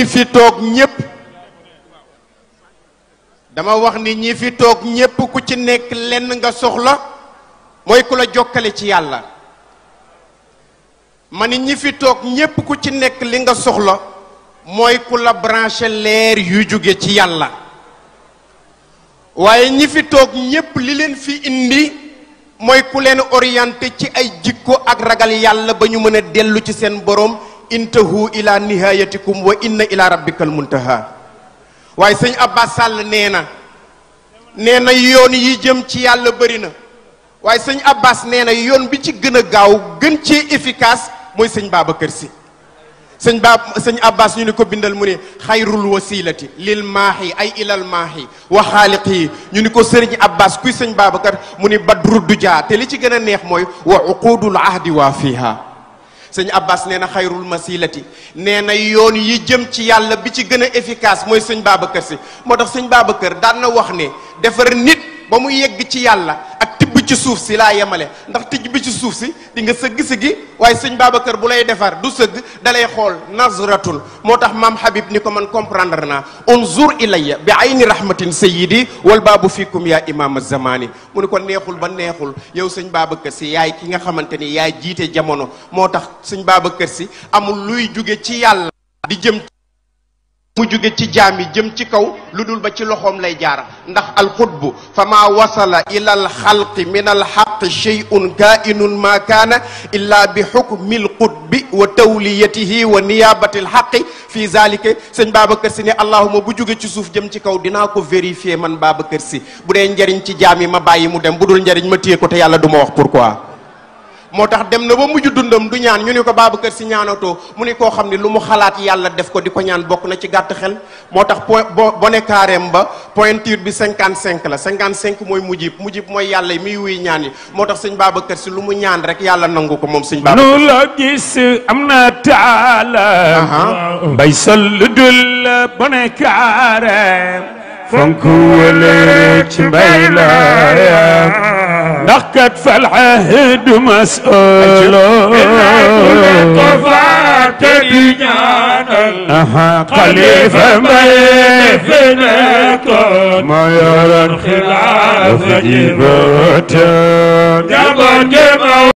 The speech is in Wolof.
ñi fi toog ñépp dama wax ni ñi fi toog ñépp ku ci nekk lenn nga soxla mooy ku la jokkale ci yàlla ma ni ñi fi toog ñépp ku ci nekk li nga soxla mooy ku la branché leer yu jóge ci yàlla waaye ñi fi toog ñépp li leen fi indi mooy ku leen orienté ci ay jikko ak ragal yàlla ba ñu mën a dellu ci seen boroom intahu ila nihayatikum wa inna ila rabbikal muntaha waaye sëñ Abbas Sall nee na nee na yoon yi jëm ci yàlla bëri na waaye sëñ Abbas nee na yoon bi ci gën a gaaw gën ci efficace mooy sëñ Babacar si sëñ baab sëñ abbas ñu ni ko bindal mu ne xayrul wasilati lil maahi ay ilal maahi wa xaaliq ñu ni ko sëriñ abbas kuy sëñ babacar mu ni badru duja te li ci gën a neex mooy wa uqudul ahdi waa fiha sëñ Abbas nee na xayrul masilati nee na yoon yi jëm ci yàlla bi ci gën a efficace mooy sëñ Babacar si moo tax sëñ kër daan na wax ne defar nit ba mu yegg ci yàlla ak ci suuf si laa yemale ndax tijj bi ci suuf si di nga sëgg-sëggi waaye sëñ baaba kër bu lay defar du sëgg dalay xool nazratul moo tax maam Habib ni ko man comprendre naa unzur ilayya bi ayni rahmatin sayyidi wal baabu fikum yaa imaama zamani mu ne ko neexul ba neexul yow sëñ baaba Babacar si yaay ki nga xamante ni yaay jiite jamono moo tax sëñ Babacar si amul luy jóge ci yàlla di jëm bu jóge ci jaam yi jëm ci kaw lu dul ba ci loxoom lay jaar ndax alxutbu fa maa wasala ila alxalqi min alxaqi sheyun kaainun maa kaana illa bi xukmi alxutbi wa tawliyatihi wa niyabati alxaqi fii zalika sëñ Babacar si ne allahuma bu jóge ci suuf jëm ci kaw dinaa ko vérifier man Babacar si bu dee njariñ ci jaam yi ma bàyyi mu dem bu dul njariñ ma téye ko te yàlla du ma wax pourquoi moo tax dem na ba mujj dundam du ñaan ñu ni ko Babacar Sy ñaanatoo mu ni koo xam ne lu mu xalaat yàlla def ko di ko ñaan bokk na ci gàtt xel moo tax po bone carême ba pointure bi 55 la 55 mooy mujjib mujjib mooy yàlla miy wuy ñaan yi moo tax sëñ Babacar Sy lu mu ñaan rek yàlla nangu ko moom sëñ Babacar lu la gis am na taala mbay sol dul bone carême fonk wëlëre ci mbay laayam ndax kat fal ahdu mas'uuloo ko fàtte di ñaanal xalifa mbay fi nekkoon moo yoroon xilaafa ji bootaan